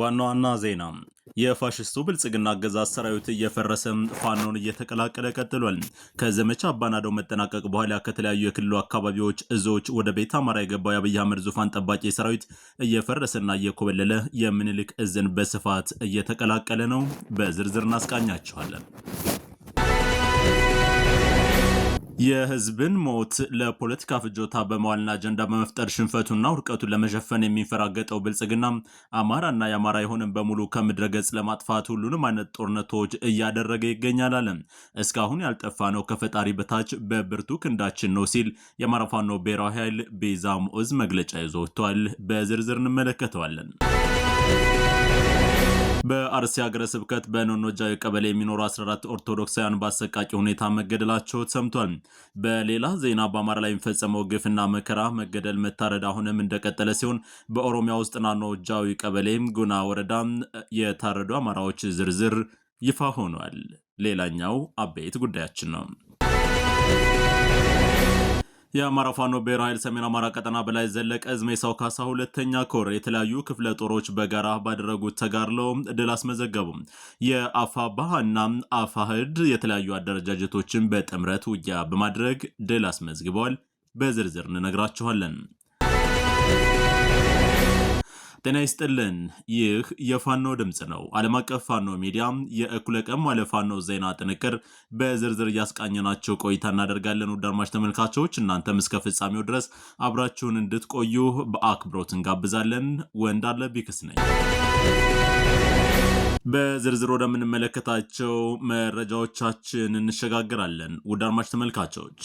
ዋና ዋና ዜና የፋሽስቱ ብልጽግና አገዛዝ ሰራዊት እየፈረሰ ፋኖን እየተቀላቀለ ቀጥሏል። ከዘመቻ አባናደው መጠናቀቅ በኋላ ከተለያዩ የክልሉ አካባቢዎች እዞች ወደ ቤት አማራ የገባው የአብይ አህመድ ዙፋን ጠባቂ ሰራዊት እየፈረሰና እየኮበለለ የምኒልክ እዝን በስፋት እየተቀላቀለ ነው። በዝርዝር እናስቃኛቸዋለን። የህዝብን ሞት ለፖለቲካ ፍጆታ በመዋልና አጀንዳ በመፍጠር ሽንፈቱና ውድቀቱን ለመሸፈን የሚንፈራገጠው ብልጽግና አማራና የአማራ የሆንን በሙሉ ከምድረ ገጽ ለማጥፋት ሁሉንም አይነት ጦርነቶች እያደረገ ይገኛል አለ። እስካሁን ያልጠፋ ነው ከፈጣሪ በታች በብርቱ ክንዳችን ነው ሲል የአማራ ፋኖ ብሔራዊ ኃይል ቤዛሙዕዝ መግለጫ ይዞ ወጥቷል። በዝርዝር እንመለከተዋለን። በአርሲ ሀገረ ስብከት በኖኖጃዊ ቀበሌ የሚኖሩ 14 ኦርቶዶክሳውያን በአሰቃቂ ሁኔታ መገደላቸው ሰምቷል። በሌላ ዜና በአማራ ላይ የሚፈጸመው ግፍና መከራ፣ መገደል፣ መታረድ አሁንም እንደቀጠለ ሲሆን በኦሮሚያ ውስጥ ናኖጃዊ ቀበሌም ጉና ወረዳ የታረዱ አማራዎች ዝርዝር ይፋ ሆኗል። ሌላኛው አበይት ጉዳያችን ነው። የአማራ ፋኖ ብሔራዊ ኃይል ሰሜን አማራ ቀጠና በላይ ዘለቀ እዝ ሰው ካሳ ሁለተኛ ኮር የተለያዩ ክፍለ ጦሮች በጋራ ባደረጉት ተጋርለው ድል አስመዘገቡ። የአፋ ባህና አፋህድ የተለያዩ አደረጃጀቶችን በጥምረት ውጊያ በማድረግ ድል አስመዝግበዋል። በዝርዝር እንነግራችኋለን። ጤና ይስጥልን። ይህ የፋኖ ድምፅ ነው። ዓለም አቀፍ ፋኖ ሚዲያም የእኩለ ቀን ማለ ፋኖ ዜና ጥንቅር በዝርዝር እያስቃኘናቸው ቆይታ እናደርጋለን። ውድ አድማጭ ተመልካቾች እናንተም እስከ ፍጻሜው ድረስ አብራችሁን እንድትቆዩ በአክብሮት እንጋብዛለን። ወንዳለ ቢክስ ነኝ። በዝርዝር ወደምንመለከታቸው መረጃዎቻችን እንሸጋግራለን። ውድ አድማጭ ተመልካቾች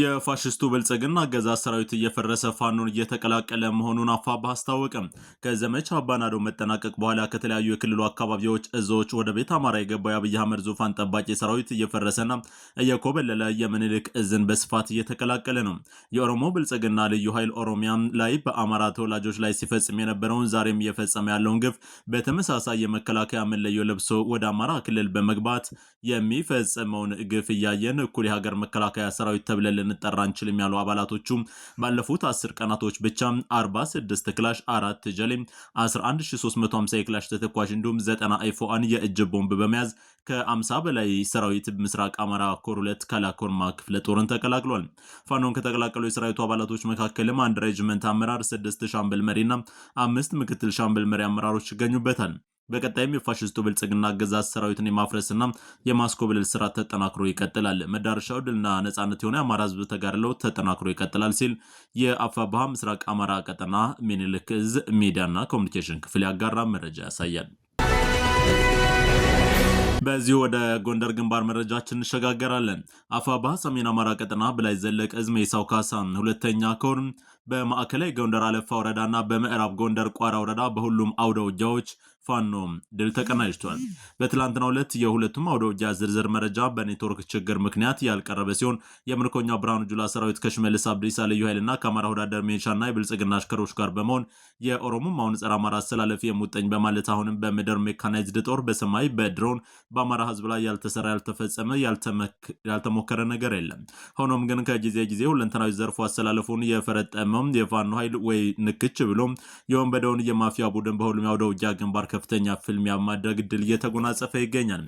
የፋሽስቱ ብልጽግና አገዛዝ ሰራዊት እየፈረሰ ፋኖን እየተቀላቀለ መሆኑን አፋባ አስታወቀም። ከዘመቻ አባናዶ መጠናቀቅ በኋላ ከተለያዩ የክልሉ አካባቢዎች እዞች ወደ ቤት አማራ የገባው የአብይ አህመድ ዙፋን ጠባቂ ሰራዊት እየፈረሰና እየኮበለለ የምኒልክ እዝን በስፋት እየተቀላቀለ ነው። የኦሮሞ ብልጽግና ልዩ ኃይል ኦሮሚያም ላይ በአማራ ተወላጆች ላይ ሲፈጽም የነበረውን ዛሬም እየፈጸመ ያለውን ግፍ በተመሳሳይ የመከላከያ መለዮ ለብሶ ወደ አማራ ክልል በመግባት የሚፈጸመውን ግፍ እያየን እኩል የሀገር መከላከያ ሰራዊት ተብለን ልንጠራ አንችልም ያሉ አባላቶቹም ባለፉት አስር ቀናቶች ብቻ 46 ክላሽ፣ አራት ጀሌ፣ 11350 የክላሽ ተተኳሽ እንዲሁም 90 አይፎአን የእጅ ቦምብ በመያዝ ከ50 በላይ ሰራዊት ምስራቅ አማራ ኮር ሁለት ከላኮርማ ክፍለ ጦርን ተቀላቅሏል። ፋኖን ከተቀላቀሉ የሰራዊቱ አባላቶች መካከልም አንድ ሬጅመንት አመራር፣ ስድስት ሻምበል መሪና አምስት ምክትል ሻምበል መሪ አመራሮች ይገኙበታል። በቀጣይም የፋሽስቱ ብልጽግና አገዛዝ ሰራዊትን የማፍረስና የማስኮብለል ስራ ተጠናክሮ ይቀጥላል። መዳረሻው ድልና ነጻነት የሆነ የአማራ ህዝብ ተጋድሎ ተጠናክሮ ይቀጥላል ሲል የአፋባሃ ምስራቅ አማራ ቀጠና ሚኒልክ እዝ ሚዲያና ኮሚኒኬሽን ክፍል ያጋራ መረጃ ያሳያል። በዚህ ወደ ጎንደር ግንባር መረጃችን እንሸጋገራለን። አፋባ ሰሜን አማራ ቀጠና በላይ ዘለቀ እዝ ሜሳው ሁለተኛ ኮር በማዕከላዊ ጎንደር አለፋ ወረዳና በምዕራብ ጎንደር ቋራ ወረዳ በሁሉም አውደ ውጊያዎች ፋኖ ድል ተቀናጅቷል። በትላንትናው ዕለት የሁለቱም አውደ ዝርዝር መረጃ በኔትወርክ ችግር ምክንያት ያልቀረበ ሲሆን የምርኮኛ ብርሃኑ ጁላ ሰራዊት ከሽመልስ አብዲሳ ልዩ ኃይልና ከአማራ ወዳደር ሜንሻና የብልጽግና አሽከሮች ጋር በመሆን አሁን ጸረ አማራ አስተላለፊ የሙጠኝ በማለት አሁንም በምድር ሜካናይዝድ ጦር በሰማይ በድሮን በአማራ ህዝብ ላይ ያልተሰራ ያልተፈጸመ ያልተሞከረ ነገር የለም። ሆኖም ግን ከጊዜ ጊዜ ሁለንተናዊ ዘርፎ አስተላለፉን የፈረጠመም የፋኖ ኃይል ወይ ንክች ብሎም የወንበደውን የማፊያ ቡድን በሁሉም አውደ ውጊያ ግንባር ከፍተኛ ፍልሚያ ማድረግ ድል እየተጎናጸፈ ይገኛል።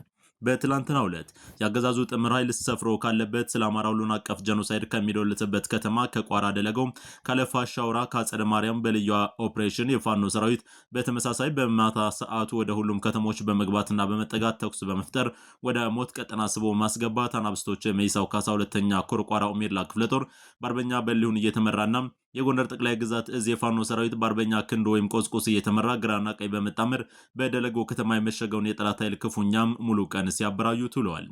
በትላንትና ዕለት የአገዛዙ ጥምር ኃይል ሰፍሮ ካለበት ስለ አማራ ሁሉን አቀፍ ጀኖሳይድ ከሚዶልትበት ከተማ ከቋራ ደለገው ካለፋ ሻውራ ከአጸደ ማርያም በልዩ ኦፕሬሽን የፋኖ ሰራዊት በተመሳሳይ በማታ ሰዓቱ ወደ ሁሉም ከተሞች በመግባትና በመጠጋት ተኩስ በመፍጠር ወደ ሞት ቀጠና ስቦ ማስገባት አናብስቶች መይሳው ካሳ ሁለተኛ ኮር ቋራ ኦሜድላ ክፍለ ጦር በአርበኛ በሊሁን እየተመራና የጎንደር ጠቅላይ ግዛት እዝ የፋኖ ሰራዊት በአርበኛ ክንዶ ወይም ቆስቆስ እየተመራ ግራና ቀኝ በመጣመር በደለጎ ከተማ የመሸገውን የጠላት ኃይል ክፉኛም ሙሉ ቀን ሲያበራዩ ውለዋል።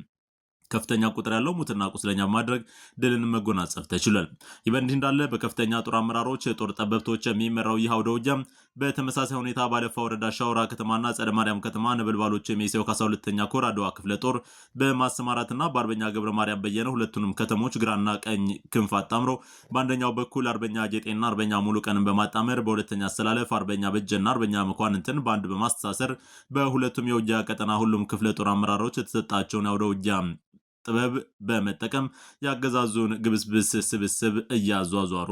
ከፍተኛ ቁጥር ያለው ሙትና ቁስለኛ ማድረግ ድልን መጎናጸፍ ተችሏል። ይህ በእንዲህ እንዳለ በከፍተኛ ጦር አመራሮች፣ ጦር ጠበብቶች የሚመራው ይህ አውደ ውጊያ በተመሳሳይ ሁኔታ ባለፈው ወረዳ ሻውራ ከተማና ጸደ ማርያም ከተማ ነበልባሎች የሚሰው ከአስራ ሁለተኛ ኮር አድዋ ክፍለ ጦር በማሰማራትና በአርበኛ ገብረ ማርያም በየነ ሁለቱንም ከተሞች ግራና ቀኝ ክንፍ አጣምሮ በአንደኛው በኩል አርበኛ ጌጤና አርበኛ ሙሉ ቀንን በማጣመር በሁለተኛ አስተላለፍ አርበኛ በጀና አርበኛ መኳንንትን በአንድ በማስተሳሰር በሁለቱም የውጊያ ቀጠና ሁሉም ክፍለ ጦር አመራሮች የተሰጣቸውን አውደ ውጊያ ጥበብ በመጠቀም የአገዛዙን ግብስብስ ስብስብ እያዟዟሩ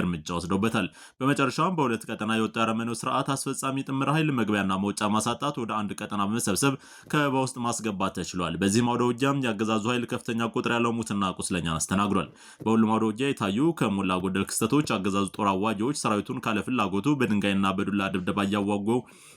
እርምጃ ወስደውበታል። በመጨረሻውም በሁለት ቀጠና የወጣ ያረመነው ስርዓት አስፈጻሚ ጥምር ኃይል መግቢያና መውጫ ማሳጣት ወደ አንድ ቀጠና በመሰብሰብ ከበባ ውስጥ ማስገባት ተችሏል። በዚህም አውደ ውጊያም የአገዛዙ ኃይል ከፍተኛ ቁጥር ያለው ሙትና ቁስለኛ አስተናግዷል። በሁሉም አውደ ውጊያ የታዩ ከሞላ ጎደል ክስተቶች አገዛዙ ጦር አዋጊዎች ሰራዊቱን ካለፍላጎቱ በድንጋይና በዱላ ድብደባ እያዋጉ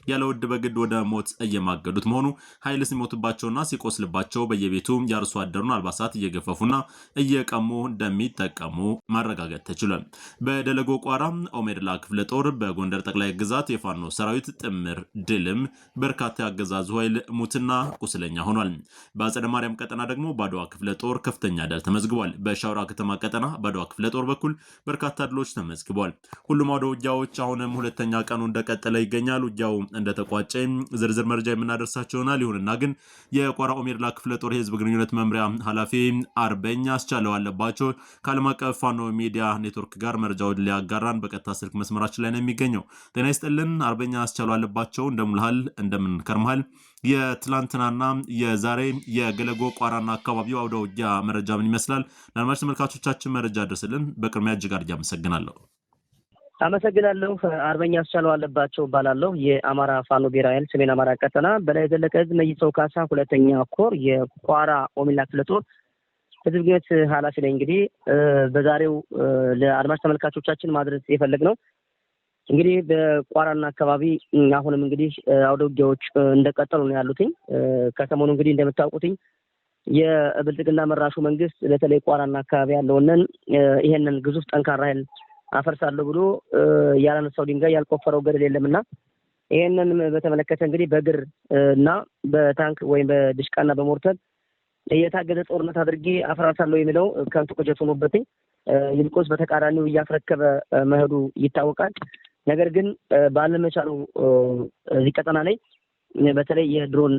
ያለ ውድ በግድ ወደ ሞት እየማገዱት መሆኑ ኃይል ሲሞትባቸውና ሲቆስልባቸው በየቤቱ የአርሶ የሚወዳደሩን አልባሳት እየገፈፉና እየቀሙ እንደሚጠቀሙ ማረጋገጥ ተችሏል። በደለጎ ቋራ ኦሜድላ ክፍለ ጦር በጎንደር ጠቅላይ ግዛት የፋኖ ሰራዊት ጥምር ድልም በርካታ ያገዛዙ ኃይል ሙትና ቁስለኛ ሆኗል። በአጸደ ማርያም ቀጠና ደግሞ በአድዋ ክፍለ ጦር ከፍተኛ ድል ተመዝግቧል። በሻውራ ከተማ ቀጠና በአድዋ ክፍለ ጦር በኩል በርካታ ድሎች ተመዝግቧል። ሁሉም አውደ ውጊያዎች አሁንም ሁለተኛ ቀኑ እንደቀጠለ ይገኛል። ውጊያው እንደተቋጨ ዝርዝር መረጃ የምናደርሳቸው ይሆናል። ይሁንና ግን የቋራ ኦሜድላ ክፍለ ጦር የህዝብ ግንኙነት መምሪያ መምሪያ ኃላፊ አርበኛ አስቻለው አለባቸው ከዓለም አቀፍ ፋኖ ሚዲያ ኔትወርክ ጋር መረጃውን ሊያጋራን በቀጥታ ስልክ መስመራችን ላይ ነው የሚገኘው። ጤና ይስጥልን አርበኛ አስቻለው አለባቸው፣ እንደምልሃል ከርመሃል? የትላንትናና የዛሬ የገለጎ ቋራና አካባቢው አውደ ውጊያ መረጃ ምን ይመስላል? ለአድማጭ ተመልካቾቻችን መረጃ አድርስልን። በቅድሚያ እጅግ አድርጌ አመሰግናለሁ። አመሰግናለሁ። አርበኛ አስቻለው አለባቸው እባላለሁ። የአማራ ፋኖ ብሔራዊ ኃይል ሰሜን አማራ ቀጠና በላይ ዘለቀ ህዝብ መይሰው ካሳ ሁለተኛ ኮር የቋራ ኦሚላ ክፍለ ጦር ህዝብ ግንኙነት ኃላፊ ነኝ። እንግዲህ በዛሬው ለአድማጭ ተመልካቾቻችን ማድረስ የፈለግ ነው እንግዲህ በቋራና አካባቢ አሁንም እንግዲህ አውደ ውጊያዎች እንደቀጠሉ ነው ያሉትኝ። ከሰሞኑ እንግዲህ እንደምታውቁትኝ የብልጽግና መራሹ መንግስት በተለይ ቋራና አካባቢ ያለውንን ይሄንን ግዙፍ ጠንካራ ኃይል አፈርሳለሁ ብሎ ያላነሳው ድንጋይ ያልቆፈረው ገደል የለምና ይህንን በተመለከተ እንግዲህ በእግር እና በታንክ ወይም በድሽቃና በሞርተር የታገዘ ጦርነት አድርጌ አፈራርሳለሁ የሚለው ከንቱ ቅዠት ሆኖበትኝ ይልቁንስ በተቃራኒው እያስረከበ መሄዱ ይታወቃል። ነገር ግን ባለመቻሉ እዚህ ቀጠና ላይ በተለይ የድሮን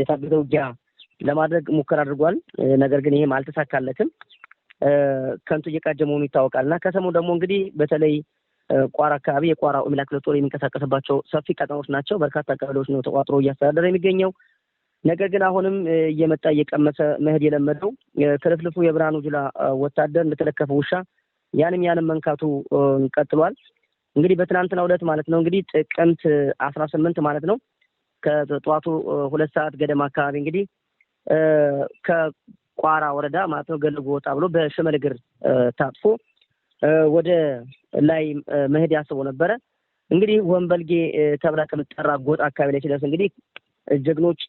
የታገዘ ውጊያ ለማድረግ ሙከራ አድርጓል። ነገር ግን ይህም አልተሳካለትም። ከንቱ እየቃጀ መሆኑ ይታወቃል እና ከሰሞኑ ደግሞ እንግዲህ በተለይ ቋራ አካባቢ የቋራ ኦሚላ ክፍለ ጦር የሚንቀሳቀስባቸው ሰፊ ቀጠኖች ናቸው። በርካታ ቀበሌዎች ነው ተቋጥሮ እያስተዳደረ የሚገኘው። ነገር ግን አሁንም እየመጣ እየቀመሰ መሄድ የለመደው ክልፍልፉ የብርሃኑ ጁላ ወታደር እንደተለከፈ ውሻ ያንም ያንም መንካቱ ቀጥሏል። እንግዲህ በትናንትና ሁለት ማለት ነው እንግዲህ ጥቅምት አስራ ስምንት ማለት ነው ከጠዋቱ ሁለት ሰዓት ገደማ አካባቢ እንግዲህ ቋራ ወረዳ ማለት ነው ገለጎ ወጣ ብሎ በሸመል እግር ታጥፎ ወደ ላይ መሄድ ያስቦ ነበረ። እንግዲህ ወንበልጌ ተብላ ከምትጠራ ጎጥ አካባቢ ላይ ሲደርስ እንግዲህ ጀግኖች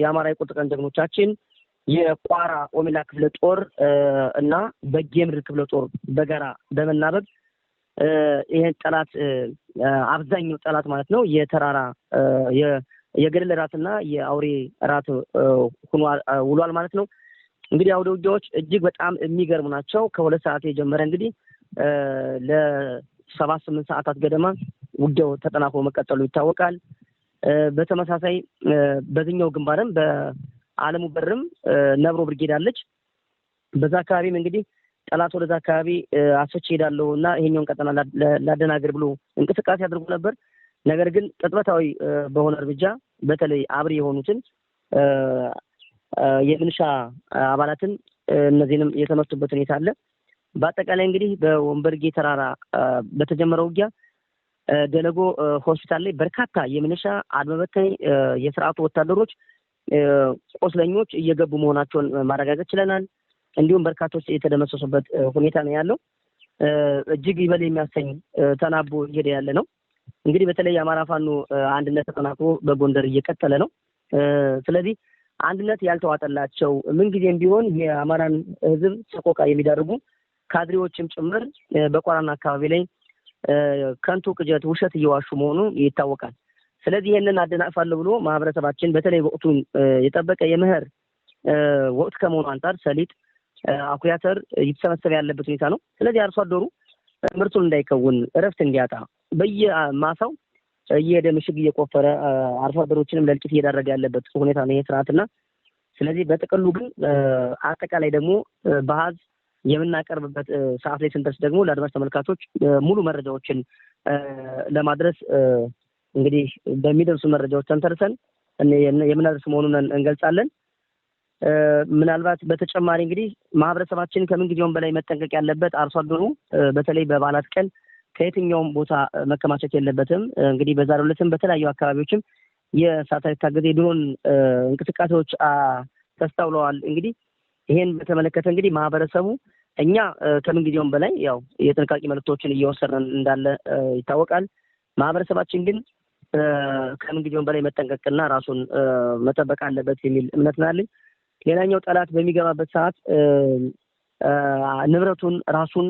የአማራ የቁጥር ቀን ጀግኖቻችን የቋራ ኦሜላ ክፍለ ጦር እና በጌ ምድር ክፍለ ጦር በጋራ በመናበብ ይህን ጠላት አብዛኛው ጠላት ማለት ነው የተራራ የገደል ራትና የአውሬ ራት ውሏል ማለት ነው። እንግዲህ አውደ ውጊያዎች እጅግ በጣም የሚገርሙ ናቸው። ከሁለት ሰዓት የጀመረ እንግዲህ ለሰባት ስምንት ሰዓታት ገደማ ውጊያው ተጠናክሮ መቀጠሉ ይታወቃል። በተመሳሳይ በዚኛው ግንባርም በአለሙ በርም ነብሮ ብርጌድ አለች። በዛ አካባቢም እንግዲህ ጠላት ወደዛ አካባቢ አስፈች ሄዳለሁ እና ይሄኛውን ቀጠና ላደናገር ብሎ እንቅስቃሴ አድርጎ ነበር። ነገር ግን ቅጥበታዊ በሆነ እርምጃ በተለይ አብሪ የሆኑትን የሚሊሻ አባላትን እነዚህንም የተመቱበት ሁኔታ አለ። በአጠቃላይ እንግዲህ በወንበርጌ ተራራ በተጀመረው ውጊያ ደለጎ ሆስፒታል ላይ በርካታ የሚሊሻ አድመበተኝ በታኝ የስርዓቱ ወታደሮች ቆስለኞች እየገቡ መሆናቸውን ማረጋገጥ ችለናል። እንዲሁም በርካቶች የተደመሰሱበት ሁኔታ ነው ያለው። እጅግ ይበል የሚያሰኝ ተናቦ እየሄደ ያለ ነው። እንግዲህ በተለይ የአማራ ፋኖ አንድነት ተጠናክሮ በጎንደር እየቀጠለ ነው። ስለዚህ አንድነት ያልተዋጠላቸው ምንጊዜም ቢሆን የአማራን ህዝብ ሰቆቃ የሚደርጉ ካድሬዎችም ጭምር በቋራና አካባቢ ላይ ከንቱ ቅጀት፣ ውሸት እየዋሹ መሆኑ ይታወቃል። ስለዚህ ይህንን አደናቅፋለሁ ብሎ ማህበረሰባችን በተለይ ወቅቱን የጠበቀ የምህር ወቅት ከመሆኑ አንጻር ሰሊጥ፣ አኩሪ አተር ያለበት ሁኔታ ነው። ስለዚህ አርሶ አደሩ ምርቱን እንዳይከውን እረፍት እንዲያጣ በየማሳው እየሄደ ምሽግ እየቆፈረ አርሶ አደሮችንም ለልቂት እየዳረገ ያለበት ሁኔታ ነው ይሄ ስርዓት እና ስለዚህ በጥቅሉ ግን አጠቃላይ ደግሞ በሀዝ የምናቀርብበት ሰዓት ላይ ስንደርስ ደግሞ ለአድማጭ ተመልካቾች ሙሉ መረጃዎችን ለማድረስ እንግዲህ በሚደርሱ መረጃዎች ተንተርሰን የምናደርስ መሆኑን እንገልጻለን። ምናልባት በተጨማሪ እንግዲህ ማህበረሰባችን ከምንጊዜውም በላይ መጠንቀቅ ያለበት አርሶ አደሩ በተለይ በበዓላት ቀን ከየትኛውም ቦታ መከማቸት የለበትም። እንግዲህ በዛሬው ዕለትም በተለያዩ አካባቢዎችም የሳተላይት ታገዘ የድሮን እንቅስቃሴዎች ተስተውለዋል። እንግዲህ ይሄን በተመለከተ እንግዲህ ማህበረሰቡ እኛ ከምንጊዜውም በላይ ያው የጥንቃቄ መልእክቶችን እየወሰድን እንዳለ ይታወቃል። ማህበረሰባችን ግን ከምንጊዜውም በላይ መጠንቀቅና ራሱን መጠበቅ አለበት የሚል እምነት ናለኝ። ሌላኛው ጠላት በሚገባበት ሰዓት ንብረቱን ራሱን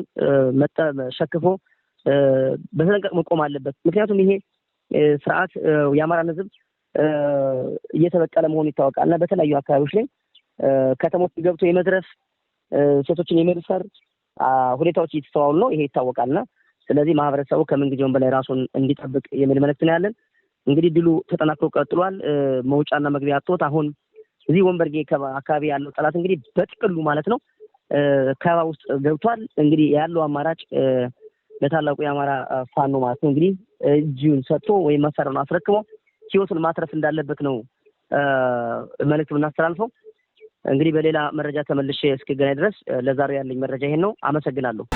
ሸክፎ በተጠንቀቅ መቆም አለበት። ምክንያቱም ይሄ ስርዓት የአማራን ህዝብ እየተበቀለ መሆኑ ይታወቃል እና በተለያዩ አካባቢዎች ላይ ከተሞች ገብቶ የመዝረፍ ሴቶችን የመድፈር ሁኔታዎች እየተስተዋሉ ነው። ይሄ ይታወቃል እና ስለዚህ ማህበረሰቡ ከምንጊዜውም በላይ ራሱን እንዲጠብቅ የሚል መልእክት ነው ያለን። እንግዲህ ድሉ ተጠናክሮ ቀጥሏል። መውጫና መግቢያ አጥቶት አሁን እዚህ ወንበርጌ አካባቢ ያለው ጠላት እንግዲህ በጥቅሉ ማለት ነው ከባ ውስጥ ገብቷል። እንግዲህ ያለው አማራጭ ለታላቁ የአማራ ፋኖ ማለት ነው እንግዲህ እጁን ሰጥቶ ወይም መሳሪያውን አስረክሞ ህይወቱን ማትረፍ እንዳለበት ነው መልእክት ብናስተላልፈው። እንግዲህ በሌላ መረጃ ተመልሼ እስክገናኝ ድረስ ለዛሬው ያለኝ መረጃ ይሄን ነው። አመሰግናለሁ።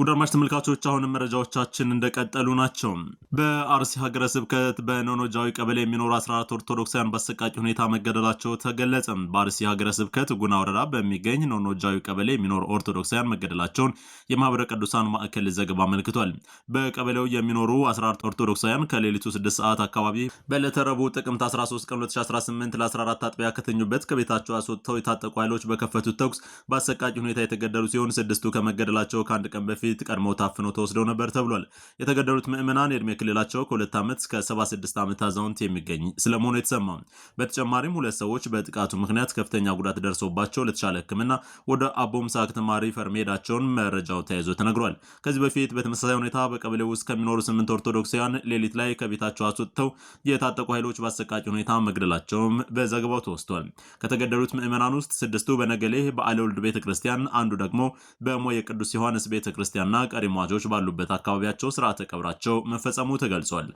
ውድ አድማጭ ተመልካቾች አሁንም መረጃዎቻችን እንደቀጠሉ ናቸው። በአርሲ ሀገረ ስብከት በኖኖጃዊ ቀበሌ የሚኖሩ 14 ኦርቶዶክሳውያን በአሰቃቂ ሁኔታ መገደላቸው ተገለጸ። በአርሲ ሀገረ ስብከት ጉና ወረዳ በሚገኝ ኖኖጃዊ ቀበሌ የሚኖሩ ኦርቶዶክሳውያን መገደላቸውን የማህበረ ቅዱሳን ማዕከል ዘገባ አመልክቷል። በቀበሌው የሚኖሩ 14 ኦርቶዶክሳውያን ከሌሊቱ 6 ሰዓት አካባቢ በዕለተ ረቡዕ ጥቅምት 13 ቀን 2018 ለ14 አጥቢያ ከተኙበት ከቤታቸው አስወጥተው የታጠቁ ኃይሎች በከፈቱት ተኩስ በአሰቃቂ ሁኔታ የተገደሉ ሲሆን ስድስቱ ከመገደላቸው ከአንድ ቀን በፊት ፊት ቀድሞ ታፍኖ ተወስደው ነበር ተብሏል። የተገደሉት ምዕመናን የእድሜ ክልላቸው ከሁለት ዓመት እስከ 76 ዓመት አዛውንት የሚገኝ ስለመሆኑ የተሰማው። በተጨማሪም ሁለት ሰዎች በጥቃቱ ምክንያት ከፍተኛ ጉዳት ደርሶባቸው ለተሻለ ሕክምና ወደ አቦምሳ ከተማ ሪፈር መሄዳቸውን መረጃው ተያይዞ ተነግሯል። ከዚህ በፊት በተመሳሳይ ሁኔታ በቀበሌ ውስጥ ከሚኖሩ ስምንት ኦርቶዶክሳውያን ሌሊት ላይ ከቤታቸው አስወጥተው የታጠቁ ኃይሎች በአሰቃቂ ሁኔታ መግደላቸውም በዘገባው ተወስቷል። ከተገደሉት ምዕመናን ውስጥ ስድስቱ በነገሌ በአለወልድ ቤተ ክርስቲያን፣ አንዱ ደግሞ በሞ የቅዱስ ዮሐንስ ቤተ ክርስቲያን ቤተክርስቲያንና ቀሪ ሟቾች ባሉበት አካባቢያቸው ስርዓተ ቀብራቸው መፈጸሙ ተገልጿል።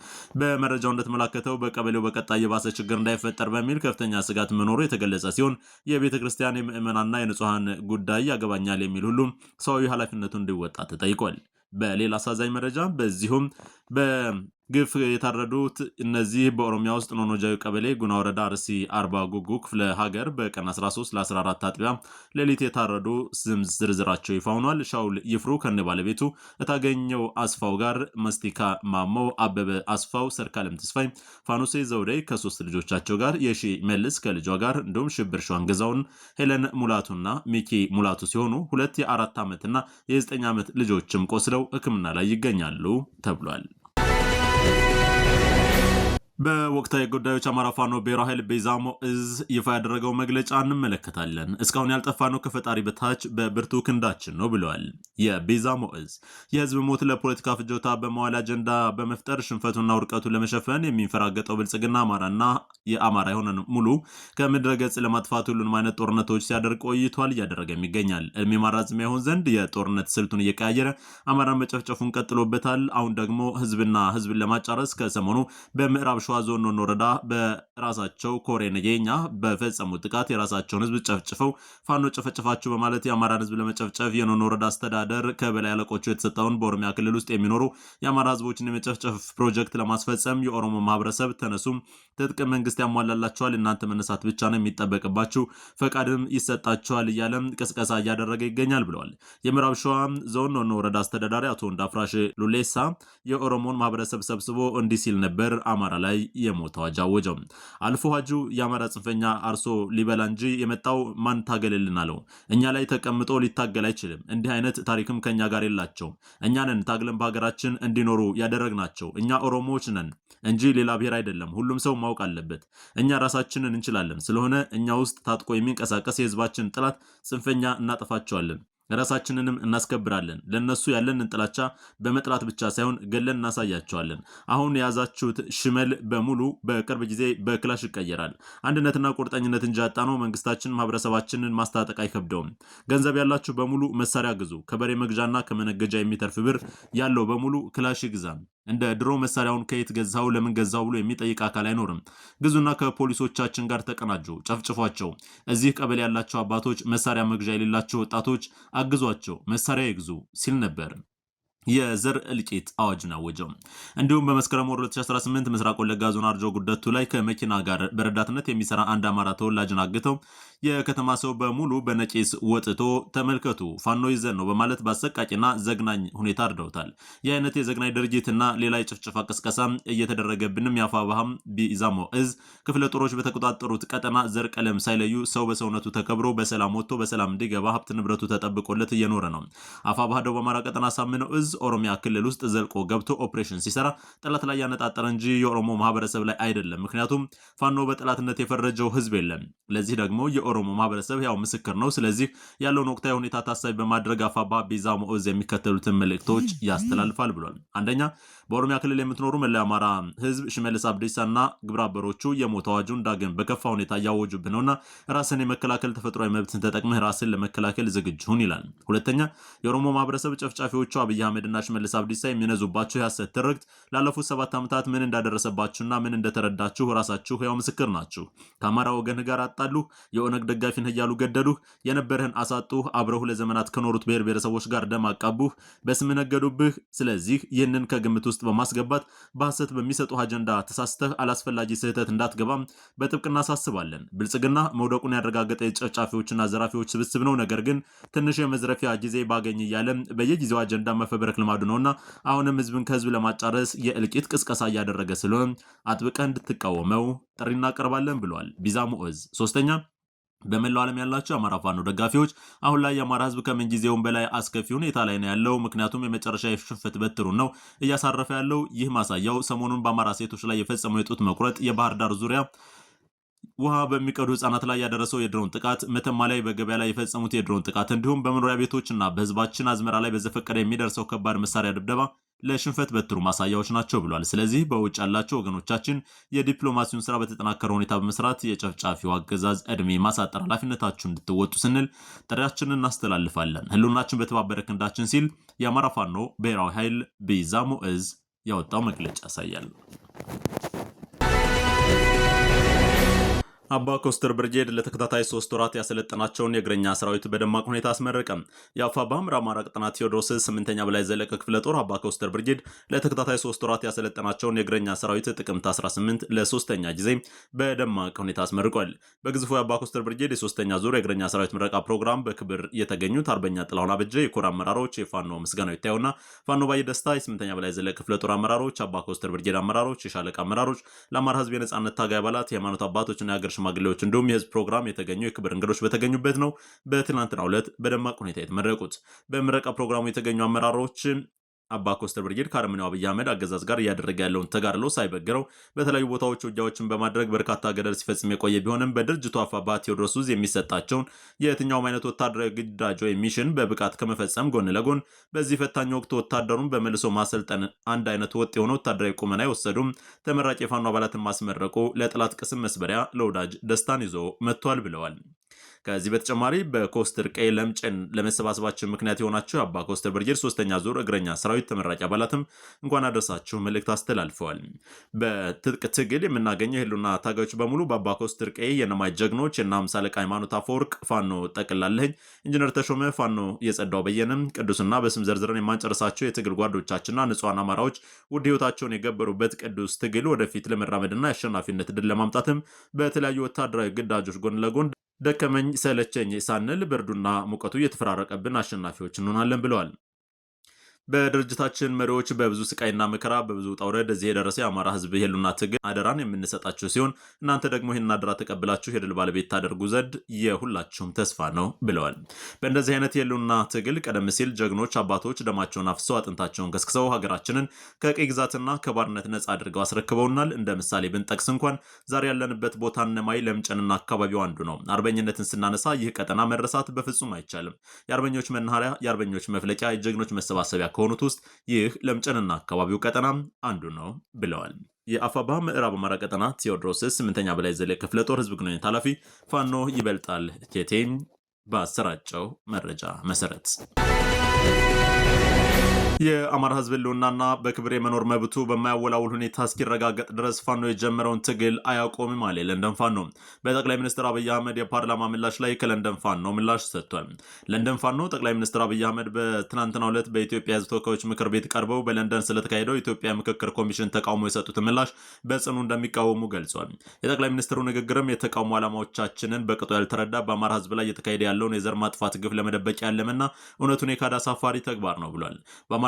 በመረጃው እንደተመላከተው በቀበሌው በቀጣይ የባሰ ችግር እንዳይፈጠር በሚል ከፍተኛ ስጋት መኖሩ የተገለጸ ሲሆን የቤተ ክርስቲያን የምዕመናና የንጹሐን ጉዳይ ያገባኛል የሚል ሁሉም ሰዊ ኃላፊነቱን እንዲወጣ ተጠይቋል። በሌላ አሳዛኝ መረጃ በዚሁም ግፍ የታረዱት እነዚህ በኦሮሚያ ውስጥ ኖኖጃዊ ቀበሌ ጉና ወረዳ አርሲ አርባ ጉጉ ክፍለ ሀገር በቀን 13 ለ14 አጥቢያ ሌሊት የታረዱ ስም ዝርዝራቸው ይፋ ሆኗል። ሻውል ይፍሩ ከነ ባለቤቱ እታገኘው አስፋው ጋር፣ መስቲካ ማሞ፣ አበበ አስፋው፣ ሰርካለም ተስፋይ፣ ፋኖሴ ዘውዴ ከሶስት ልጆቻቸው ጋር፣ የሺ መልስ ከልጇ ጋር እንዲሁም ሽብር ሸዋንግዛውን፣ ሄለን ሙላቱና ሚኪ ሙላቱ ሲሆኑ ሁለት የአራት ዓመትና የዘጠኝ ዓመት ልጆችም ቆስለው ሕክምና ላይ ይገኛሉ ተብሏል። በወቅታዊ ጉዳዮች አማራ ፋኖ ብሔራዊ ኃይል ቤዛሞ እዝ ይፋ ያደረገው መግለጫ እንመለከታለን። እስካሁን ያልጠፋነው ከፈጣሪ በታች በብርቱ ክንዳችን ነው ብለዋል። የቤዛሞ እዝ የህዝብ ሞት ለፖለቲካ ፍጆታ በመዋል አጀንዳ በመፍጠር ሽንፈቱና ውድቀቱ ለመሸፈን የሚንፈራገጠው ብልጽግና አማራና የአማራ የሆነ ሙሉ ከምድረ ገጽ ለማጥፋት ሁሉንም አይነት ጦርነቶች ሲያደርግ ቆይቷል፣ እያደረገም ይገኛል። እድሜ ማራዝሚያ ይሆን ዘንድ የጦርነት ስልቱን እየቀያየረ አማራን መጨፍጨፉን ቀጥሎበታል። አሁን ደግሞ ህዝብና ህዝብን ለማጫረስ ከሰሞኑ በምዕራብ ሸዋ ዞን ኖኖ ወረዳ በራሳቸው ኮሬ ነጌኛ በፈጸሙት ጥቃት የራሳቸውን ህዝብ ጨፍጭፈው ፋኖ ጨፈጨፋችሁ በማለት የአማራን ህዝብ ለመጨፍጨፍ የኖኖ ወረዳ አስተዳደር ከበላይ አለቆቹ የተሰጠውን በኦሮሚያ ክልል ውስጥ የሚኖሩ የአማራ ህዝቦችን የመጨፍጨፍ ፕሮጀክት ለማስፈጸም የኦሮሞ ማህበረሰብ ተነሱም፣ ትጥቅ መንግስት ያሟላላቸዋል እናንተ መነሳት ብቻ ነው የሚጠበቅባችሁ፣ ፈቃድም ይሰጣቸዋል እያለም ቅስቀሳ እያደረገ ይገኛል ብለዋል። የምዕራብ ሸዋ ዞን ኖኖ ወረዳ አስተዳዳሪ አቶ እንዳፍራሽ ሉሌሳ የኦሮሞን ማህበረሰብ ሰብስቦ እንዲህ ሲል ነበር አማራ ላይ የሞት አዋጅ አወጀው። አልፎ ሀጁ የአማራ ጽንፈኛ አርሶ ሊበላ እንጂ የመጣው ማን ታገልልን አለው። እኛ ላይ ተቀምጦ ሊታገል አይችልም። እንዲህ አይነት ታሪክም ከኛ ጋር የላቸውም። እኛንን ታግለን በሀገራችን እንዲኖሩ ያደረግናቸው እኛ ኦሮሞዎች ነን እንጂ ሌላ ብሔር አይደለም። ሁሉም ሰው ማወቅ አለበት። እኛ ራሳችንን እንችላለን። ስለሆነ እኛ ውስጥ ታጥቆ የሚንቀሳቀስ የህዝባችን ጥላት ጽንፈኛ እናጠፋቸዋለን። ራሳችንንም እናስከብራለን። ለነሱ ያለንን ጥላቻ በመጥላት ብቻ ሳይሆን ገለን እናሳያቸዋለን። አሁን የያዛችሁት ሽመል በሙሉ በቅርብ ጊዜ በክላሽ ይቀየራል። አንድነትና ቁርጠኝነት እንጂ ያጣነው መንግስታችን ማህበረሰባችንን ማስታጠቅ አይከብደውም። ገንዘብ ያላችሁ በሙሉ መሳሪያ ግዙ። ከበሬ መግዣና ከመነገጃ የሚተርፍ ብር ያለው በሙሉ ክላሽ ይግዛም። እንደ ድሮ መሳሪያውን ከየት ገዛው ለምን ገዛው ብሎ የሚጠይቅ አካል አይኖርም። ግዙና ከፖሊሶቻችን ጋር ተቀናጁ፣ ጨፍጭፏቸው። እዚህ ቀበሌ ያላቸው አባቶች መሳሪያ መግዣ የሌላቸው ወጣቶች አግዟቸው፣ መሳሪያ ይግዙ ሲል ነበር። የዘር እልቂት ነው አወጀው። እንዲሁም በመስከረም ወር 2018 ምስራቅ ወለጋ ዞን አርጆ ጉደቱ ላይ ከመኪና ጋር በረዳትነት የሚሰራ አንድ አማራ ተወላጅን አግተው የከተማ ሰው በሙሉ በነቂስ ወጥቶ ተመልከቱ ፋኖ ይዘን ነው በማለት በአሰቃቂና ዘግናኝ ሁኔታ አርደውታል። ይህ አይነት የዘግናኝ ድርጊትና ሌላ የጭፍጭፋ ቅስቀሳ እየተደረገብንም የአፋ ባህም ቢዛሞ እዝ ክፍለ ጦሮች በተቆጣጠሩት ቀጠና ዘር ቀለም ሳይለዩ ሰው በሰውነቱ ተከብሮ በሰላም ወጥቶ በሰላም እንዲገባ ሀብት ንብረቱ ተጠብቆለት እየኖረ ነው። አፋ ባህደው በአማራ ቀጠና ሳምነው እዝ እዝ ኦሮሚያ ክልል ውስጥ ዘልቆ ገብቶ ኦፕሬሽን ሲሰራ ጠላት ላይ ያነጣጠረ እንጂ የኦሮሞ ማህበረሰብ ላይ አይደለም። ምክንያቱም ፋኖ በጠላትነት የፈረጀው ህዝብ የለም። ለዚህ ደግሞ የኦሮሞ ማህበረሰብ ያው ምስክር ነው። ስለዚህ ያለውን ወቅታዊ ሁኔታ ታሳቢ በማድረግ አፋባ ቢዛሞ የሚከተሉትን መልእክቶች ያስተላልፋል ብሏል። አንደኛ በኦሮሚያ ክልል የምትኖሩ መላ አማራ ህዝብ ሽመልስ አብዲሳና ግብረአበሮቹ የሞት አዋጁን ዳግም በከፋ ሁኔታ እያወጁብህ ነውና ራስን የመከላከል ተፈጥሯዊ መብትን ተጠቅመህ ራስን ለመከላከል ዝግጁ ይላል። ሁለተኛ የኦሮሞ ማህበረሰብ ጨፍጫፊዎቹ አብይ አህመድና ሽመልስ አብዲሳ የሚነዙባቸው የሐሰት ትርክት ላለፉት ሰባት ዓመታት ምን እንዳደረሰባችሁና ምን እንደተረዳችሁ ራሳችሁ ያው ምስክር ናችሁ። ከአማራ ወገንህ ጋር አጣሉህ፣ የኦነግ ደጋፊን እያሉ ገደሉህ፣ የነበረህን አሳጡህ፣ አብረው ለዘመናት ከኖሩት ብሔር ብሔረሰቦች ጋር ደም አቃቡህ፣ በስም ነገዱብህ። ስለዚህ ይህንን ከግምት ውስጥ ውስጥ በማስገባት በሐሰት በሚሰጡ አጀንዳ ተሳስተህ አላስፈላጊ ስህተት እንዳትገባም በጥብቅ እናሳስባለን። ብልጽግና መውደቁን ያረጋገጠ የጨፍጫፊዎችና ዘራፊዎች ስብስብ ነው። ነገር ግን ትንሽ የመዝረፊያ ጊዜ ባገኝ እያለ በየጊዜው አጀንዳ መፈበረክ ልማዱ ነውና አሁንም ህዝብን ከህዝብ ለማጫረስ የእልቂት ቅስቀሳ እያደረገ ስለሆነ አጥብቀ እንድትቃወመው ጥሪ እናቀርባለን ብሏል። ቢዛ ሶስተኛ በመላው ዓለም ያላቸው የአማራ ፋኖ ደጋፊዎች አሁን ላይ የአማራ ህዝብ ከምን በላይ አስከፊ ሁኔታ ላይ ነው ያለው። ምክንያቱም የመጨረሻ የሽንፈት በትሩን ነው እያሳረፈ ያለው። ይህ ማሳያው ሰሞኑን በአማራ ሴቶች ላይ የፈጸመው የጡት መቁረጥ፣ የባህር ዳር ዙሪያ ውሃ በሚቀዱ ህጻናት ላይ ያደረሰው የድሮን ጥቃት፣ መተማ ላይ በገበያ ላይ የፈጸሙት የድሮን ጥቃት እንዲሁም በመኖሪያ ቤቶችና በህዝባችን አዝመራ ላይ በዘፈቀደ የሚደርሰው ከባድ መሳሪያ ድብደባ ለሽንፈት በትሩ ማሳያዎች ናቸው ብሏል። ስለዚህ በውጭ ያላቸው ወገኖቻችን የዲፕሎማሲውን ስራ በተጠናከረ ሁኔታ በመስራት የጨፍጫፊው አገዛዝ ዕድሜ ማሳጠር ኃላፊነታችሁ እንድትወጡ ስንል ጥሪያችንን እናስተላልፋለን። ህልውናችን በተባበረ ክንዳችን ሲል የአማራ ፋኖ ብሔራዊ ኃይል ቢዛሞ እዝ ያወጣው መግለጫ ያሳያል። አባ ኮስተር ብርጌድ ለተከታታይ ሶስት ወራት ያሰለጠናቸውን የእግረኛ ሰራዊት በደማቅ ሁኔታ አስመረቀ። የአፋ ምዕራብ አማራ ቅጥና ቴዎድሮስ ስምንተኛ በላይ ዘለቀ ክፍለ ጦር አባ ኮስተር ብርጌድ ለተከታታይ ሶስት ወራት ያሰለጠናቸውን የእግረኛ ሰራዊት ጥቅምት 18 ለሶስተኛ ጊዜ በደማቅ ሁኔታ አስመርቋል። በግዝፉ የአባ ኮስተር ብርጌድ የሶስተኛ ዙር የእግረኛ ሰራዊት ምረቃ ፕሮግራም በክብር የተገኙት አርበኛ ጥላሁን አበጀ፣ የኮር አመራሮች፣ የፋኖ ምስጋናው ይታየውና ፋኖ ባየ ደስታ፣ የስምንተኛ በላይ ዘለቀ ክፍለ ጦር አመራሮች፣ አባ ኮስተር ብርጌድ አመራሮች፣ የሻለቃ አመራሮች፣ ለአማራ ህዝብ የነጻነት ታጋይ አባላት፣ የሃይማኖት አባቶችና የአገር ሽማግሌዎች እንዲሁም የህዝብ ፕሮግራም የተገኙ የክብር እንግዶች በተገኙበት ነው በትናንትናው ዕለት በደማቅ ሁኔታ የተመረቁት። በምረቃ ፕሮግራሙ የተገኙ አመራሮች አባ ኮስተር ብርጌድ ከአርመኒያው አብይ አህመድ አገዛዝ ጋር እያደረገ ያለውን ተጋድሎ ሳይበግረው በተለያዩ ቦታዎች ውጊያዎችን በማድረግ በርካታ ገደል ሲፈጽም የቆየ ቢሆንም በድርጅቱ አፋባ ቴዎድሮስ ዙዝ የሚሰጣቸውን የትኛውም አይነት ወታደራዊ ግዳጅ ወይም ሚሽን በብቃት ከመፈጸም ጎን ለጎን በዚህ ፈታኝ ወቅት ወታደሩን በመልሶ ማሰልጠን አንድ አይነት ወጥ የሆነ ወታደራዊ ቁመና የወሰዱም ተመራጭ የፋኖ አባላትን ማስመረቁ ለጠላት ቅስም መስበሪያ ለወዳጅ ደስታን ይዞ መጥቷል ብለዋል። ከዚህ በተጨማሪ በኮስተር ቀይ ለምጨን ለመሰባሰባችን ምክንያት የሆናቸው አባ ኮስተር ብርጌድ ሶስተኛ ዙር እግረኛ ሰራዊት ተመራቂ አባላትም እንኳን አደረሳችሁ መልእክት አስተላልፈዋል። በትጥቅ ትግል የምናገኘው ህሉና ታጋዮች በሙሉ በአባ ኮስተር ቀይ የነማይ ጀግኖች እና ሃምሳ ሃይማኖት አፈወርቅ ፋኖ ጠቅላለህኝ ኢንጂነር ተሾመ ፋኖ የጸዳው በየንም ቅዱስና በስም ዘርዝረን የማንጨርሳቸው የትግል ጓዶቻችንና ንጹሐን አማራዎች ውድ ህይወታቸውን የገበሩበት ቅዱስ ትግል ወደፊት ለመራመድና የአሸናፊነት ድል ለማምጣትም በተለያዩ ወታደራዊ ግዳጆች ጎን ለጎን ደከመኝ ሰለቸኝ ሳንል ብርዱና ሙቀቱ እየተፈራረቀብን አሸናፊዎች እንሆናለን ብለዋል። በድርጅታችን መሪዎች በብዙ ስቃይና መከራ በብዙ ጣውረድ እዚህ የደረሰ የአማራ ህዝብ የህሉና ትግል አደራን የምንሰጣችሁ ሲሆን እናንተ ደግሞ ይህን አደራ ተቀብላችሁ የድል ባለቤት ታደርጉ ዘንድ የሁላችሁም ተስፋ ነው ብለዋል። በእንደዚህ አይነት የህሉና ትግል ቀደም ሲል ጀግኖች አባቶች ደማቸውን አፍሰው አጥንታቸውን ከስክሰው ሀገራችንን ከቀይ ግዛትና ከባርነት ነጻ አድርገው አስረክበውናል። እንደ ምሳሌ ብንጠቅስ እንኳን ዛሬ ያለንበት ቦታ እነማይ ለምጨንና አካባቢው አንዱ ነው። አርበኝነትን ስናነሳ ይህ ቀጠና መረሳት በፍጹም አይቻልም። የአርበኞች መናኸሪያ፣ የአርበኞች መፍለቂያ፣ የጀግኖች መሰባሰቢያ ከሆኑት ውስጥ ይህ ለምጨንና አካባቢው ቀጠና አንዱ ነው ብለዋል። የአፋባ ምዕራብ አማራ ቀጠና ቴዎድሮስ ስምንተኛ በላይ ዘለ ክፍለ ጦር ህዝብ ግንኙነት ኃላፊ ፋኖ ይበልጣል ቴቴ ባሰራጨው መረጃ መሰረት የአማራ ህዝብ ህልውናና በክብር የመኖር መብቱ በማያወላውል ሁኔታ እስኪረጋገጥ ድረስ ፋኖ የጀመረውን ትግል አያቆምም አለ ለንደን ፋኖ። በጠቅላይ ሚኒስትር አብይ አህመድ የፓርላማ ምላሽ ላይ ከለንደን ፋኖ ምላሽ ሰጥቷል። ለንደን ፋኖ ጠቅላይ ሚኒስትር አብይ አህመድ በትናንትናው ዕለት በኢትዮጵያ ህዝብ ተወካዮች ምክር ቤት ቀርበው በለንደን ስለተካሄደው የኢትዮጵያ ምክክር ኮሚሽን ተቃውሞ የሰጡትን ምላሽ በጽኑ እንደሚቃወሙ ገልጿል። የጠቅላይ ሚኒስትሩ ንግግርም የተቃውሞ ዓላማዎቻችንን በቅጡ ያልተረዳ በአማራ ህዝብ ላይ እየተካሄደ ያለውን የዘር ማጥፋት ግፍ ለመደበቅ ያለምና እውነቱን የካዳ አሳፋሪ ተግባር ነው ብሏል።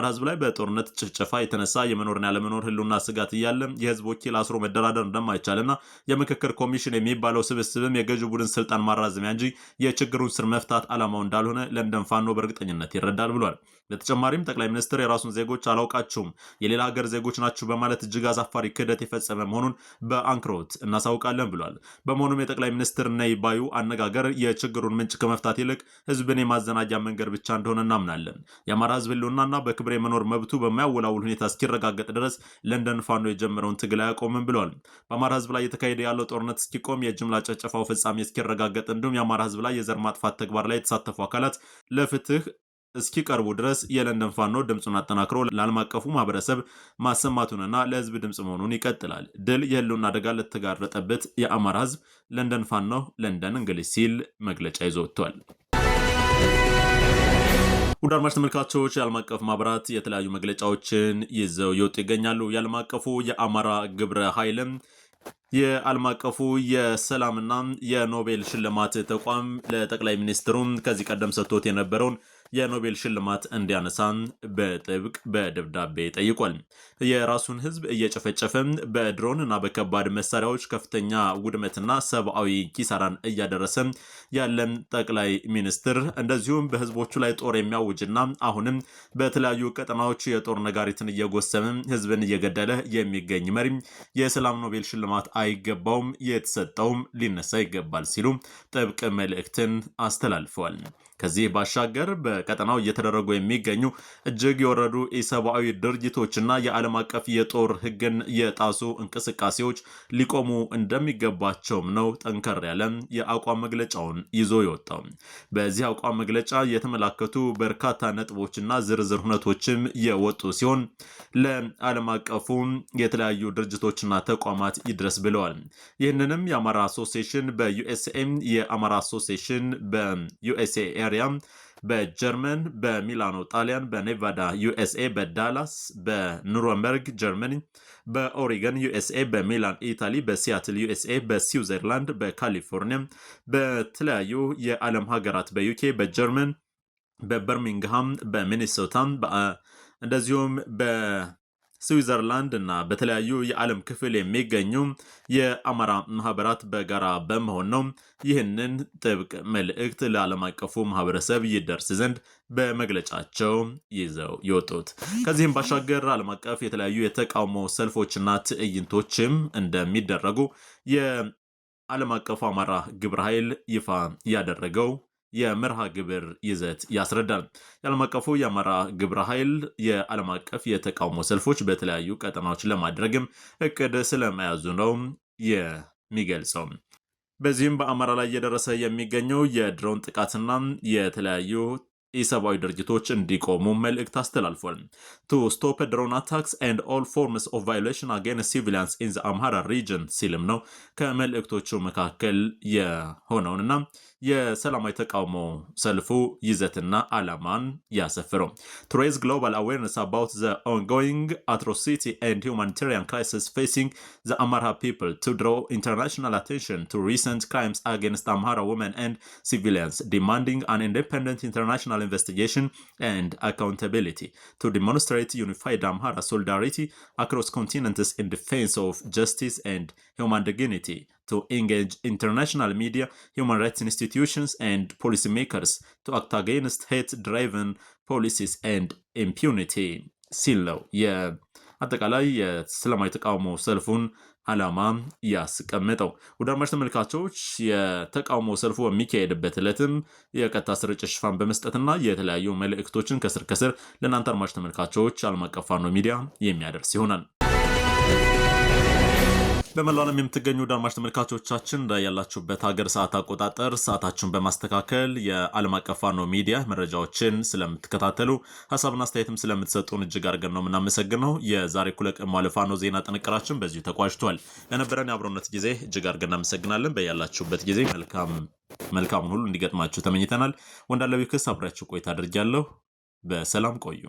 በአማራ ህዝብ ላይ በጦርነት ጭፍጨፋ የተነሳ የመኖርን ያለመኖር ህልውና ስጋት እያለ የህዝብ ወኪል አስሮ መደራደር እንደማይቻልና የምክክር ኮሚሽን የሚባለው ስብስብም የገዢ ቡድን ስልጣን ማራዘሚያ እንጂ የችግሩን ስር መፍታት አላማው እንዳልሆነ ለንደን ፋኖ በእርግጠኝነት ይረዳል ብሏል። በተጨማሪም ጠቅላይ ሚኒስትር የራሱን ዜጎች አላውቃቸውም የሌላ ሀገር ዜጎች ናቸው በማለት እጅግ አሳፋሪ ክህደት የፈጸመ መሆኑን በአንክሮት እናሳውቃለን ብሏል። በመሆኑም የጠቅላይ ሚኒስትር ነይ ባዩ አነጋገር የችግሩን ምንጭ ከመፍታት ይልቅ ህዝብን የማዘናጃ መንገድ ብቻ እንደሆነ እናምናለን። የአማራ ህዝብ ህልውናና በክብር የመኖር መብቱ በማያወላውል ሁኔታ እስኪረጋገጥ ድረስ ለንደን ፋኖ የጀመረውን ትግል አያቆምም ብሏል። በአማራ ህዝብ ላይ የተካሄደ ያለው ጦርነት እስኪቆም፣ የጅምላ ጨጨፋው ፍጻሜ እስኪረጋገጥ እንዲሁም የአማራ ህዝብ ላይ የዘር ማጥፋት ተግባር ላይ የተሳተፉ አካላት ለፍትህ እስኪቀርቡ ድረስ የለንደን ፋኖ ድምፁን አጠናክሮ ለዓለም አቀፉ ማህበረሰብ ማሰማቱንና ለህዝብ ድምፅ መሆኑን ይቀጥላል። ድል የህልውና አደጋ ለተጋረጠበት የአማራ ህዝብ ለንደን ፋኖ ለንደን እንግሊዝ ሲል መግለጫ ይዞ ወጥቷል። ውድ አድማጭ ተመልካቾች የዓለም አቀፍ ማህበራት የተለያዩ መግለጫዎችን ይዘው ይወጡ ይገኛሉ። የዓለም አቀፉ የአማራ ግብረ ኃይልም የዓለም አቀፉ የሰላምና የኖቤል ሽልማት ተቋም ለጠቅላይ ሚኒስትሩም ከዚህ ቀደም ሰጥቶት የነበረውን የኖቤል ሽልማት እንዲያነሳን በጥብቅ በደብዳቤ ጠይቋል። የራሱን ህዝብ እየጨፈጨፈ በድሮን እና በከባድ መሳሪያዎች ከፍተኛ ውድመትና ሰብአዊ ኪሳራን እያደረሰ ያለን ጠቅላይ ሚኒስትር እንደዚሁም በህዝቦቹ ላይ ጦር የሚያውጅና አሁንም በተለያዩ ቀጠናዎች የጦር ነጋሪትን እየጎሰመ ህዝብን እየገደለ የሚገኝ መሪ የሰላም ኖቤል ሽልማት አይገባውም፣ የተሰጠውም ሊነሳ ይገባል ሲሉ ጥብቅ መልእክትን አስተላልፈዋል። ከዚህ ባሻገር በቀጠናው እየተደረጉ የሚገኙ እጅግ የወረዱ ኢሰብአዊ ድርጊቶችና የዓለም አቀፍ የጦር ሕግን የጣሱ እንቅስቃሴዎች ሊቆሙ እንደሚገባቸውም ነው ጠንከር ያለ የአቋም መግለጫውን ይዞ የወጣው። በዚህ አቋም መግለጫ የተመላከቱ በርካታ ነጥቦችና ዝርዝር ሁነቶችም የወጡ ሲሆን ለዓለም አቀፉ የተለያዩ ድርጅቶችና ተቋማት ይድረስ ብለዋል። ይህንንም የአማራ አሶሲሽን በዩኤስኤም የአማራ አሶሲሽን በዩኤስኤ በቡልጋሪያ፣ በጀርመን በሚላኖ ጣሊያን፣ በኔቫዳ ዩኤስኤ፣ በዳላስ በኑረምበርግ ጀርመኒ፣ በኦሪገን ዩኤስኤ፣ በሚላን ኢታሊ፣ በሲያትል ዩኤስኤ፣ በስዊዘርላንድ፣ በካሊፎርኒያ፣ በተለያዩ የዓለም ሀገራት በዩኬ፣ በጀርመን፣ በበርሚንግሃም፣ በሚኒሶታ እንደዚሁም ስዊዘርላንድ እና በተለያዩ የዓለም ክፍል የሚገኙ የአማራ ማህበራት በጋራ በመሆን ነው ይህንን ጥብቅ መልእክት ለዓለም አቀፉ ማህበረሰብ ይደርስ ዘንድ በመግለጫቸው ይዘው የወጡት። ከዚህም ባሻገር ዓለም አቀፍ የተለያዩ የተቃውሞ ሰልፎችና ትዕይንቶችም እንደሚደረጉ የዓለም አቀፉ አማራ ግብረ ኃይል ይፋ ያደረገው የመርሃ ግብር ይዘት ያስረዳል። የዓለም አቀፉ የአማራ ግብረ ኃይል የዓለም አቀፍ የተቃውሞ ሰልፎች በተለያዩ ቀጠናዎች ለማድረግም እቅድ ስለመያዙ ነው የሚገልጸው። በዚህም በአማራ ላይ እየደረሰ የሚገኘው የድሮን ጥቃትና የተለያዩ የሰብአዊ ድርጅቶች እንዲቆሙ መልእክት አስተላልፏል። ቱ ስቶፕ ድሮን አታክስ ኤንድ ኦል ፎርምስ ኦፍ ቫዮሌሽን አጌን ሲቪሊያንስ ኢን ዘ አምሃራ ሪጅን ሲልም ነው ከመልእክቶቹ መካከል የሆነውንና የሰላማዊ ተቃውሞ ሰልፉ ይዘትና ዓላማን ያሰፍረው ትሬዝ ግሎባል አዌርነስ አባውት ዘ ኦንጎይንግ አትሮሲቲ ኤንድ ሁማኒታሪያን ክራይሲስ ፌሲንግ ዘ አማራ ፒፕል ቱ ድሮ ኢንተርናሽናል አቴንሽን ቱ ሪሰንት ክራይምስ አጌንስት አምሃራ ወመን ኤንድ ሲቪሊያንስ ዲማንዲንግ አን ኢንዲፐንደንት ኢንተርናሽናል ኢንቨስቲጌሽን ኤንድ አካውንታቢሊቲ ቱ ዲሞንስትሬት ዩኒፋይድ አምሃራ ሶሊዳሪቲ አክሮስ ኮንቲነንትስ ኢን ዲፌንስ ኦፍ ጀስቲስ ኤንድ ሁማን ዲግኒቲ to engage international media, human rights institutions, and policymakers to act against hate-driven ፖሊሲስ ኤንድ ኢምፒዩኒቲ ሲል ነው አጠቃላይ የሰላማዊ ተቃውሞ ሰልፉን አላማ ያስቀመጠው። ወደ አድማጭ ተመልካቾች የተቃውሞ ሰልፉ በሚካሄድበት ዕለትም የቀጥታ ስርጭት ሽፋን በመስጠትና የተለያዩ መልእክቶችን ከስር ከስር ለእናንተ አድማጭ ተመልካቾች ዓለም አቀፍ ፋኖ ሚዲያ የሚያደርስ ይሆናል። በመላው ዓለም የምትገኙ አድማጭ ተመልካቾቻችን ያላችሁበት ሀገር ሰዓት አቆጣጠር ሰዓታችሁን በማስተካከል የዓለም አቀፍ ፋኖ ሚዲያ መረጃዎችን ስለምትከታተሉ ሀሳብና አስተያየትም ስለምትሰጡን እጅግ አድርገን ነው የምናመሰግነው። የዛሬ ኩለቅ ማለ ፋኖ ዜና ጥንቅራችን በዚሁ ተቋጭቷል። ለነበረን የአብሮነት ጊዜ እጅግ አድርገን እናመሰግናለን። በያላችሁበት ጊዜ መልካሙን ሁሉ እንዲገጥማችሁ ተመኝተናል። ወንዳለዊ ክስ አብሬያችሁ ቆይታ አድርጊያለሁ። በሰላም ቆዩ።